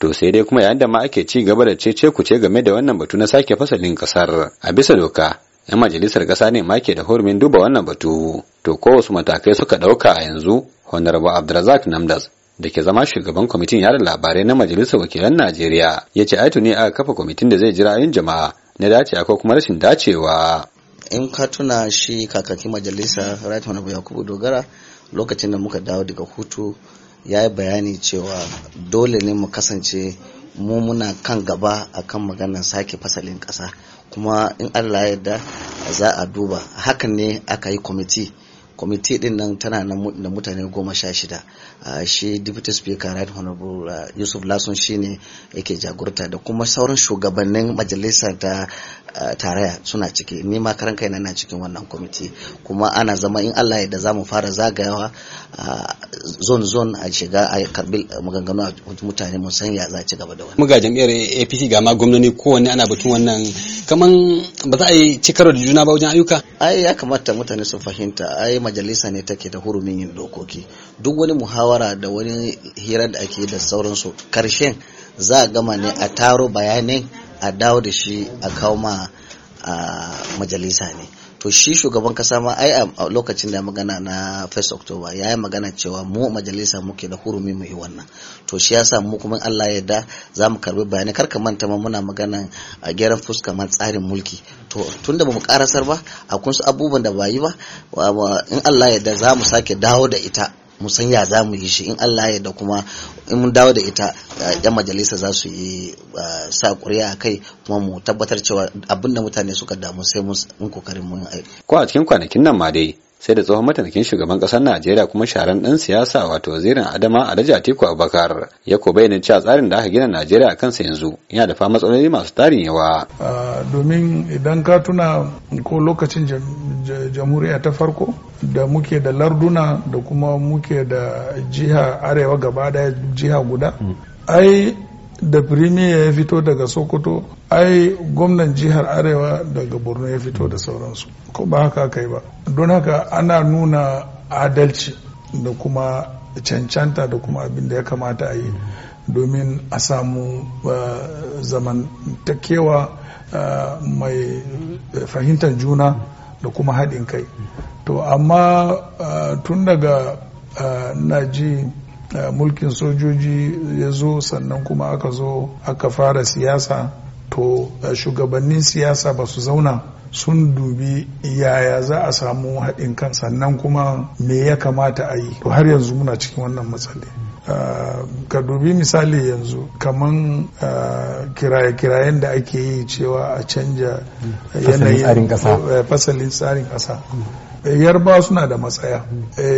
to sai dai kuma yayin da ma ake ci gaba da cece kuce game da wannan batu na sake fasalin kasar a bisa doka yan majalisar kasa ne ma ke da hurumin duba wannan batu to ko wasu matakai suka dauka a yanzu honorable abdulrazak namdas da ke zama shugaban kwamitin yada labarai na majalisar wakilan najeriya ya ce aitu ne aka kafa kwamitin da zai ji ra'ayin jama'a na dace ko kuma rashin dacewa in ka tuna shi kakakin majalisa right honorable yakubu dogara lokacin da muka dawo daga hutu ya yi bayani cewa dole ne mu kasance mu muna kan gaba akan maganar sake fasalin kasa kuma in allah yarda za a duba hakan ne aka yi kwamiti kwamiti din nan tana da mutane goma sha shida shi deputy speaker right honorable yusuf lasun shine yake jagorta da kuma sauran shugabannin majalisa ta tarayya suna ciki ni ma karan kaina na cikin wannan kwamiti kuma ana zama in allah da za mu fara zagayawa zone zone a shiga a karbi maganganu a mutane mun san ya za ci gaba da wani. muga jam'iyyar apc ga ma gwamnoni kowanne ana batun wannan kaman ba za a yi cikaro da juna ba wajen ayyuka ai ya kamata mutane su fahimta ai majalisa ne take da hurumin yin dokoki duk wani muhawara da wani hira da ake da sauransu karshen za a gama ne a taro bayanin a dawo da shi a kawo ma majalisa ne to shi shugaban kasa ma ai a lokacin da magana na 1 Oktoba ya yi magana cewa mu majalisa muke da hurumi mu yi wannan to shi yasa mu kuma Allah ya yarda za mu karbi bayanai karka manta ma muna magana a gyaran fuska ma tsarin mulki to tun mu bamu karasar ba a kunsu abubuwan da ba yi ba in Allah ya yarda za mu sake dawo da ita mu san ya za mu yi shi in Allah ya da kuma in mun dawo da ita yan majalisa za su yi sa ƙuri'a a kai kuma mu tabbatar cewa abinda mutane suka damu sai mun kokarin mun aiki. Ko a cikin kwanakin nan ma dai sai da tsohon mataimakin shugaban kasar Najeriya kuma sharan dan siyasa wato wazirin Adama Alhaji Atiku Abubakar ya ko bayyana cewa tsarin da aka gina Najeriya kansa yanzu yana da fama matsaloli masu tarin yawa. domin idan ka tuna ko lokacin jamhuriya ta farko da muke da larduna da kuma muke da jiha arewa gaba daya jiha guda mm. ai da firimiya ya fito daga sokoto ai gwamnan jihar arewa daga borno ya fito da sauransu ko ba haka kai ba don haka ana nuna adalci da kuma cancanta da kuma abin da ya kamata a yi domin a samu uh, zamantakewa uh, mai fahimtar juna da kuma haɗin kai to amma uh, tun daga naji Eh, mulkin sojoji ya zo sannan kuma aka zo aka fara siyasa to eh, shugabannin siyasa ba su zauna sun dubi yaya za a samu haɗin kan sannan kuma me ya kamata a yi to har yanzu muna cikin wannan matsali eh, ka dubi misali yanzu kaman kiraye-kirayen da ake yi cewa a canja hmm. yanayin fasalin tsarin ƙasa Yarbawa suna da matsaya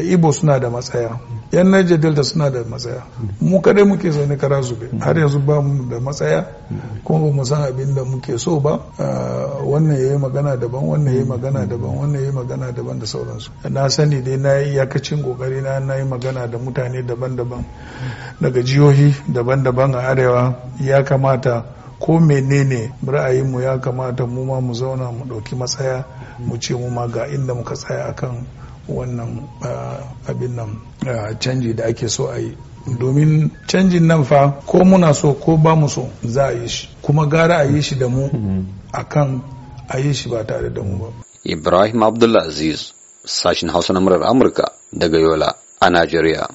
ibo suna da matsaya yan niger delta suna da matsaya mu kadai muke zaune kara zube har yanzu ba mu da matsaya kuma ba mu san abin da muke so ba ah, wannan yayi magana daban wannan yayi magana daban wannan yayi magana daban da sauransu na sani dai na yi yakacin kokari na na yi magana da mutane daban-daban daga jihohi daban-daban a arewa ya kamata ko menene ra'ayinmu ya kamata mu ma mu zauna mu ɗauki matsaya mu ce mu ma ga inda muka tsaya akan wannan ah, abin nan ah, canji da ake so a yi domin canjin nan fa ko muna so ko ba mu so za a yi shi kuma gara a yi shi da mu mhm. akan a yi shi ba tare da mu ba ibrahim Aziz, sashin hausa na murar amurka daga yola a najeriya